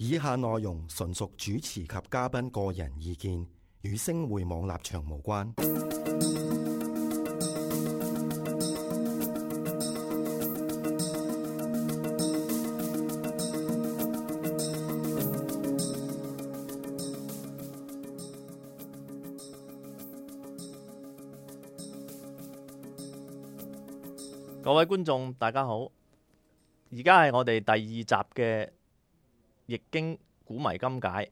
以下內容純屬主持及嘉賓個人意見，與星匯網立場無關。各位觀眾，大家好，而家係我哋第二集嘅。易經古謎今解，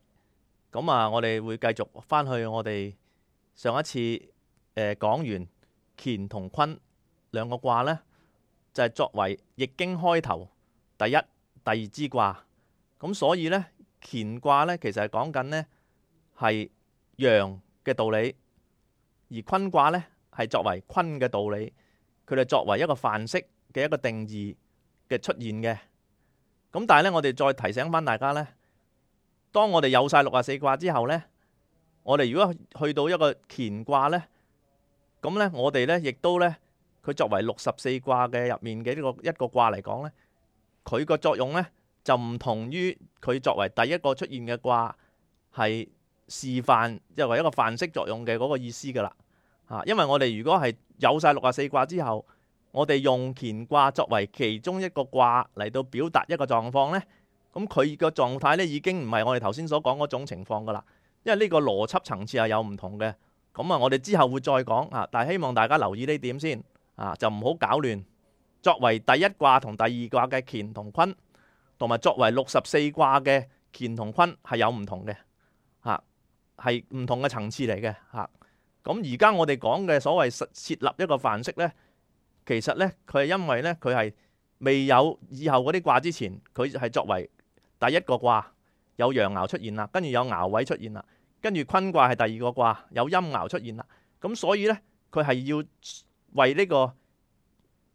咁啊，我哋會繼續返去我哋上一次誒、呃、講完乾同坤兩個卦咧，就係、是、作為易經開頭第一、第二支卦。咁所以咧，乾卦咧其實係講緊咧係陽嘅道理，而坤卦咧係作為坤嘅道理，佢哋作為一個範式嘅一個定義嘅出現嘅。咁但係咧，我哋再提醒翻大家咧，當我哋有晒六十四卦之後咧，我哋如果去到一個乾卦咧，咁咧我哋咧亦都咧，佢作為六十四卦嘅入面嘅呢個一個卦嚟講咧，佢個作用咧就唔同於佢作為第一個出現嘅卦，係示範即係為一個範式作用嘅嗰個意思噶啦，啊，因為我哋如果係有晒六十四卦之後。我哋用乾卦作為其中一個卦嚟到表達一個狀況呢。咁佢個狀態呢，已經唔係我哋頭先所講嗰種情況噶啦，因為呢個邏輯層次係有唔同嘅。咁啊，我哋之後會再講啊，但係希望大家留意呢點先啊，就唔好搞亂。作為第一卦同第二卦嘅乾同坤，同埋作為六十四卦嘅乾同坤係有唔同嘅啊，係唔同嘅層次嚟嘅啊。咁而家我哋講嘅所謂設立一個範式呢。其實呢，佢係因為呢，佢係未有以後嗰啲卦之前，佢係作為第一個卦有陽爻出現啦，跟住有爻位出現啦，跟住坤卦係第二個卦有陰爻出現啦，咁所以呢，佢係要為呢個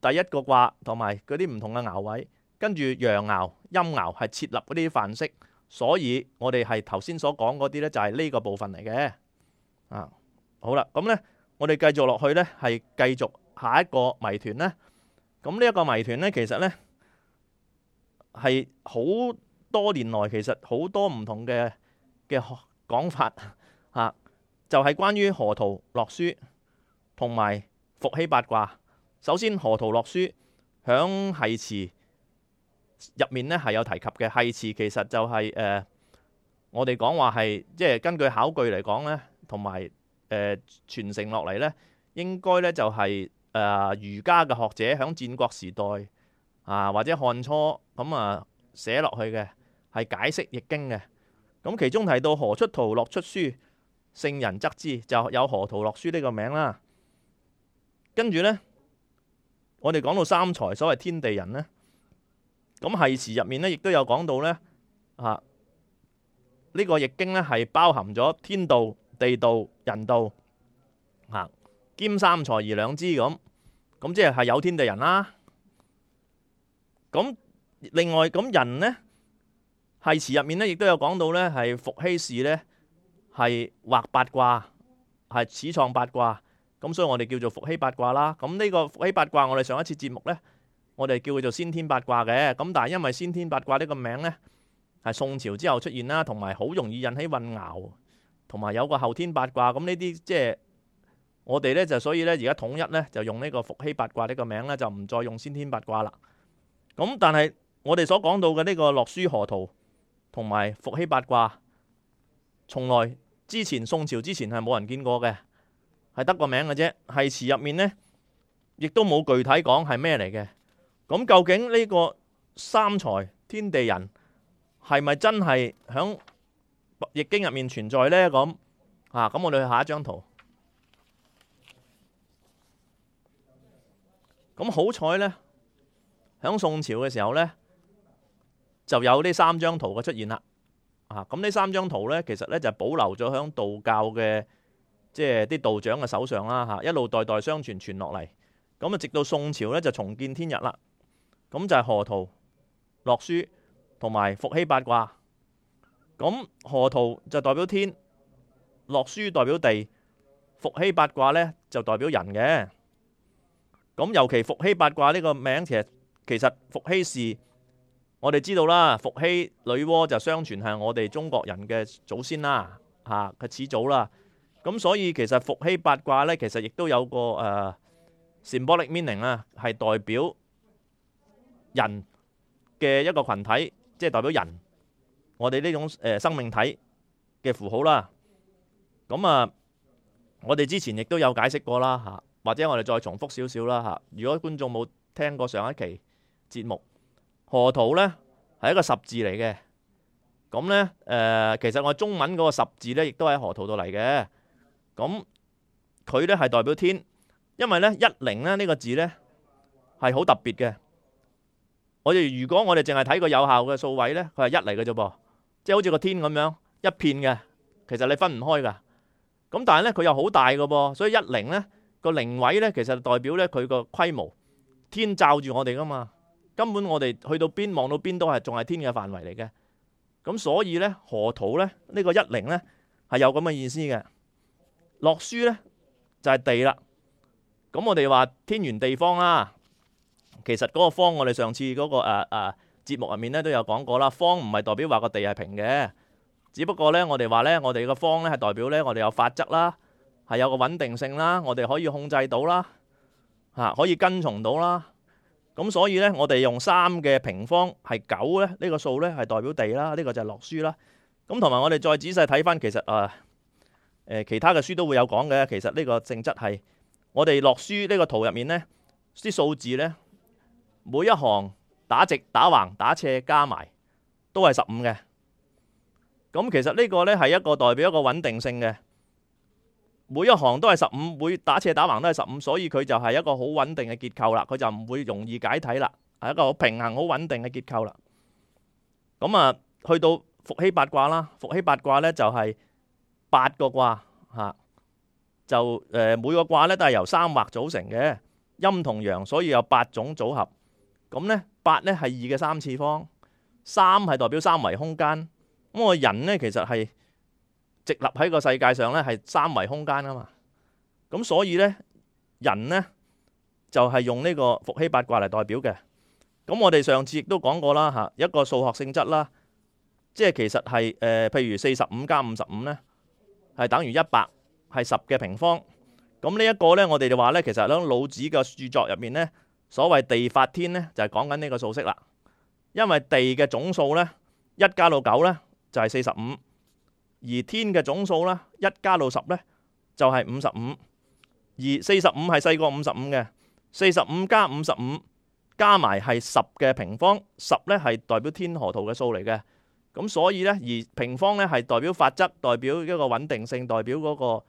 第一個卦同埋嗰啲唔同嘅爻位，跟住陽爻、陰爻係設立嗰啲範式，所以我哋係頭先所講嗰啲呢就係呢個部分嚟嘅。啊，好啦，咁呢我哋繼續落去呢係繼續。下一個謎團呢，咁呢一個謎團呢，其實呢係好多年來，其實好多唔同嘅嘅講法嚇、啊，就係、是、關於河圖洛書同埋伏羲八卦。首先，河圖洛書喺《繫辭》入面呢係有提及嘅，《繫辭》其實就係、是、誒、呃、我哋講話係即係根據考據嚟講呢，同埋誒傳承落嚟呢，應該呢就係、是。誒，儒家嘅學者響戰國時代啊，或者漢初咁啊寫落去嘅係解釋易經嘅，咁其中提到河出圖，洛出書，聖人則之，就有河圖洛書呢、這個名啦。跟住呢，我哋講到三才，所謂天地人呢。咁繫辭入面呢，亦都有講到呢，啊，呢、這個易經呢，係包含咗天道、地道、人道啊。兼三才而兩之，咁，咁即係係有天地人啦。咁另外咁人呢，繫辭入面呢，亦都有講到呢，係伏羲氏呢，係畫八卦，係始創八卦。咁所以我哋叫做伏羲八卦啦。咁呢個伏羲八卦，這個、八卦我哋上一次節目呢，我哋叫佢做先天八卦嘅。咁但係因為先天八卦呢個名呢，係宋朝之後出現啦，同埋好容易引起混淆，同埋有個後天八卦。咁呢啲即係。我哋咧就所以咧而家統一咧就用呢個伏羲八卦呢個名咧，就唔再用先天八卦啦。咁但係我哋所講到嘅呢個洛書河圖同埋伏羲八卦，從來之前宋朝之前係冇人見過嘅，係得個名嘅啫。繫詞入面呢，亦都冇具體講係咩嚟嘅。咁究竟呢個三才天地人係咪真係響易經入面存在呢？咁啊咁我哋去下一張圖。咁好彩呢，喺宋朝嘅時候呢，就有呢三張圖嘅出現啦。啊，咁呢三張圖呢，其實呢，就保留咗喺道教嘅，即係啲道長嘅手上啦。嚇，一路代代相傳，傳落嚟。咁啊，直到宋朝呢，就重見天日啦。咁就係、是、河圖、洛書同埋伏羲八卦。咁河圖就代表天，洛書代表地，伏羲八卦呢，就代表人嘅。咁尤其伏羲八卦呢個名，其實其實伏羲氏我哋知道啦，伏羲女媧就相傳係我哋中國人嘅祖先啦，嚇，佢始祖啦。咁所以其實伏羲八卦呢，其實亦都有個誒 symbolic meaning 啊，係代表人嘅一個羣體，即係代表人，我哋呢種誒生命體嘅符號啦。咁啊，我哋之前亦都有解釋過啦，嚇。或者我哋再重複少少啦嚇。如果觀眾冇聽過上一期節目，河圖呢，係一個十字嚟嘅。咁呢，誒、呃，其實我中文嗰個十字呢，亦都喺河圖度嚟嘅。咁佢呢係代表天，因為呢「一零」呢呢個字呢，係好特別嘅。我哋如果我哋淨係睇個有效嘅數位呢，佢係一嚟嘅啫噃，即係好似個天咁樣一片嘅。其實你分唔開㗎。咁但係呢，佢又好大嘅噃，所以一零呢。個零位咧，其實代表咧佢個規模，天罩住我哋㗎嘛，根本我哋去到邊望到邊都係仲係天嘅範圍嚟嘅，咁所以咧河圖咧呢、這個一零咧係有咁嘅意思嘅。洛書咧就係、是、地啦，咁、嗯、我哋話天圓地方啦，其實嗰個方我哋上次嗰、那個誒誒、啊啊、節目入面咧都有講過啦，方唔係代表話個地係平嘅，只不過咧我哋話咧我哋個方咧係代表咧我哋有法則啦。係有個穩定性啦，我哋可以控制到啦、啊，可以跟從到啦。咁所以呢，我哋用三嘅平方係九呢個數呢，係代表地啦。呢、這個就係洛書啦。咁同埋我哋再仔細睇返，其實啊、呃，其他嘅書都會有講嘅。其實呢個性質係我哋洛書呢個圖入面呢啲數字呢，每一行打直、打橫、打斜加埋都係十五嘅。咁其實呢個呢，係一個代表一個穩定性嘅。每一行都係十五，每打斜打橫都係十五，所以佢就係一個好穩定嘅結構啦，佢就唔會容易解體啦，係一個好平衡、好穩定嘅結構啦。咁啊，去到伏羲八卦啦，伏羲八卦呢就係、是、八個卦嚇、啊，就誒、呃、每個卦呢都係由三畫組成嘅陰同陽，所以有八種組合。咁呢，八呢係二嘅三次方，三係代表三維空間。咁、那、我、個、人呢，其實係。直立喺個世界上呢，係三維空間啊嘛，咁所以呢，人呢，就係、是、用呢個伏羲八卦嚟代表嘅。咁我哋上次亦都講過啦，吓一個數學性質啦，即係其實係誒，譬、呃、如四十五加五十五呢，係等於一百，係十嘅平方。咁呢一個呢，我哋就話呢，其實喺老子嘅著作入面呢，所謂地法天呢，就係講緊呢個數式啦。因為地嘅總數呢，一加到九呢，就係四十五。而天嘅總數呢，一加到十呢，就係五十五，而四十五係細過五十五嘅，四十五加五十五加埋係十嘅平方，十呢係代表天河圖嘅數嚟嘅，咁所以呢，而平方呢係代表法則，代表一個穩定性，代表嗰、那個誒、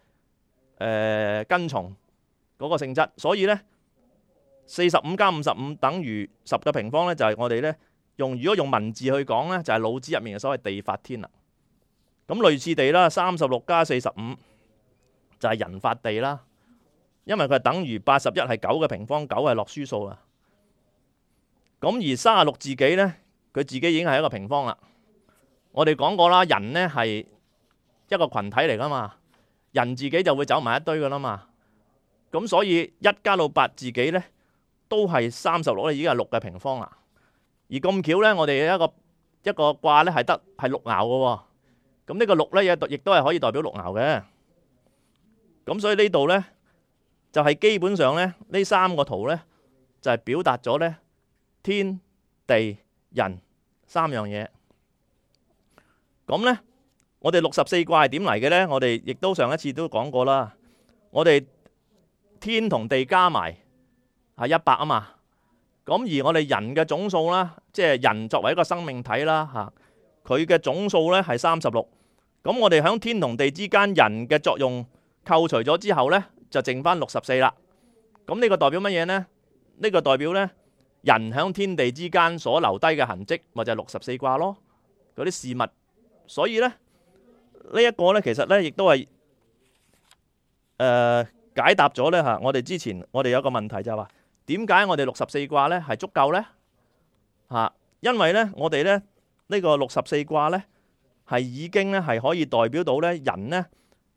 呃、跟從嗰個性質，所以呢，四十五加五十五等於十嘅平方呢，就係、是、我哋呢，用如果用文字去講呢，就係、是、老子入面嘅所謂地法天啦。咁類似地啦，三十六加四十五就係人法地啦，因為佢係等於八十一係九嘅平方，九係洛書數啊。咁而三十六自己呢，佢自己已經係一個平方啦。我哋講過啦，人呢係一個群體嚟噶嘛，人自己就會走埋一堆噶啦嘛。咁所以一加到八自己呢，都係三十六啦，已經係六嘅平方啦。而咁巧呢，我哋一個一個卦呢係得係六爻嘅。咁呢個六咧，也亦都係可以代表六爻嘅。咁所以呢度咧，就係基本上咧，呢三個圖咧，就係表達咗咧天地人三樣嘢。咁咧，我哋六十四卦係點嚟嘅咧？我哋亦都上一次都講過啦。我哋天同地加埋係一百啊嘛。咁而我哋人嘅總數啦，即係人作為一個生命體啦嚇。佢嘅總數咧係三十六，咁我哋喺天同地之間人嘅作用扣除咗之後呢，就剩翻六十四啦。咁呢個代表乜嘢呢？呢個代表呢，人喺天地之間所留低嘅痕跡，咪就係六十四卦咯，嗰啲事物。所以呢，呢一個呢，其實呢，亦都係誒解答咗呢。嚇。我哋之前我哋有個問題就係話，點解我哋六十四卦呢係足夠呢？嚇，因為呢，我哋呢。呢個六十四卦呢，係已經咧係可以代表到咧人呢，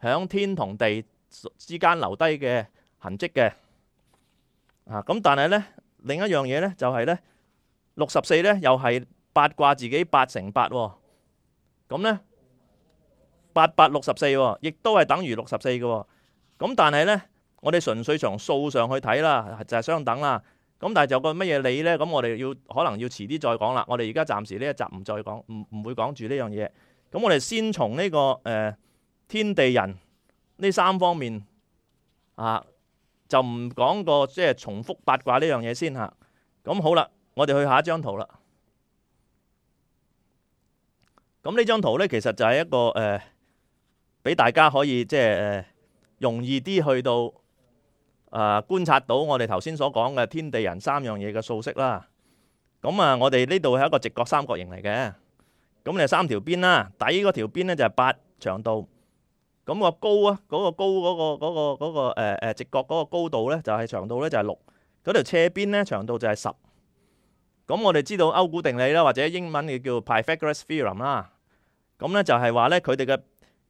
喺天同地之間留低嘅痕跡嘅。咁、啊、但係呢，另一樣嘢呢，就係、係、呢，呢八八哦、呢八八六十四呢、哦，又係八卦自己八乘八，咁呢，八八六十四、哦，亦都係等於六十四嘅。咁但係呢，我哋純粹從數上去睇啦，就係、係、相等啦。咁但係就個乜嘢理咧？咁我哋要可能要遲啲再講啦。我哋而家暫時呢一集唔再講，唔唔會講住呢樣嘢。咁我哋先從呢、這個誒、呃、天地人呢三方面啊，就唔講個即係重複八卦呢樣嘢先吓。咁、啊、好啦，我哋去下一張圖啦。咁呢張圖咧，其實就係一個誒，俾、呃、大家可以即係容易啲去到。啊！觀察到我哋頭先所講嘅天地人三樣嘢嘅數式啦。咁啊，我哋呢度係一個直角三角形嚟嘅。咁你三條邊啦，底嗰條邊咧就係八長度。咁個高啊，嗰個高嗰個嗰個嗰個誒誒直角嗰個高度咧就係長度咧就係六。嗰條斜邊咧長度就係十。咁我哋知道勾股定理啦，或者英文嘅叫 Pythagoras theorem 啦。咁咧就係話咧佢哋嘅。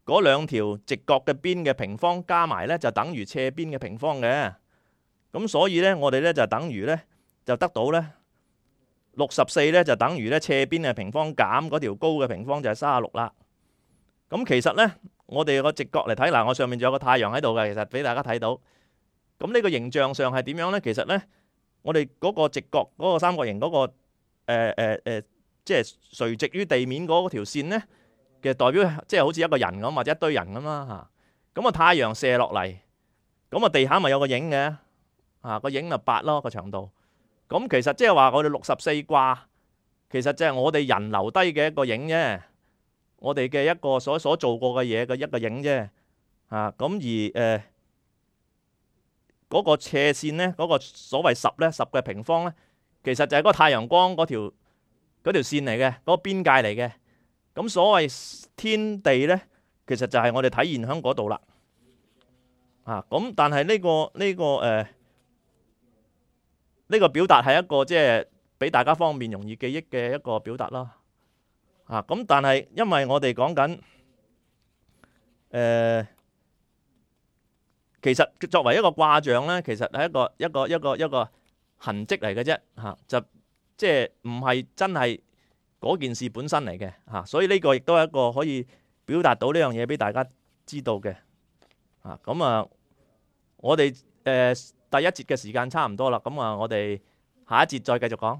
嗰兩條直角嘅邊嘅平方加埋咧，就等於斜邊嘅平方嘅。咁所以咧，我哋咧就等於咧，就得到咧六十四咧，就等於咧斜邊嘅平方減嗰條高嘅平方就係三十六啦。咁其實咧，我哋個直角嚟睇嗱，我上面仲有個太陽喺度嘅，其實俾大家睇到。咁呢個形象上係點樣咧？其實咧，我哋嗰個直角嗰個三角形嗰個誒誒誒，即係垂直於地面嗰條線咧。其實代表即係好似一個人咁，或者一堆人咁啦吓，咁個太陽射落嚟，咁個地下咪有個影嘅，啊個影咪八咯個長度。咁其實即係話我哋六十四卦，其實就係我哋人留低嘅一個影啫，我哋嘅一個所所做過嘅嘢嘅一個影啫，啊咁而誒嗰個斜線咧，嗰個所謂十咧，十嘅平方咧，其實就係嗰個太陽光嗰條嗰條線嚟嘅，嗰個邊界嚟嘅。咁所謂天地咧，其實就係我哋體現喺嗰度啦，啊！咁但係呢個呢個誒呢個表達係一個即係俾大家方便容易記憶嘅一個表達啦，啊！咁但係因為我哋講緊誒，其實作為一個卦象咧，其實係一個一個一個一個痕跡嚟嘅啫，嚇就即係唔係真係。嗰件事本身嚟嘅，吓、啊，所以呢個亦都係一個可以表達到呢樣嘢俾大家知道嘅，啊，咁啊，我哋誒、呃、第一節嘅時間差唔多啦，咁啊，我哋下一節再繼續講。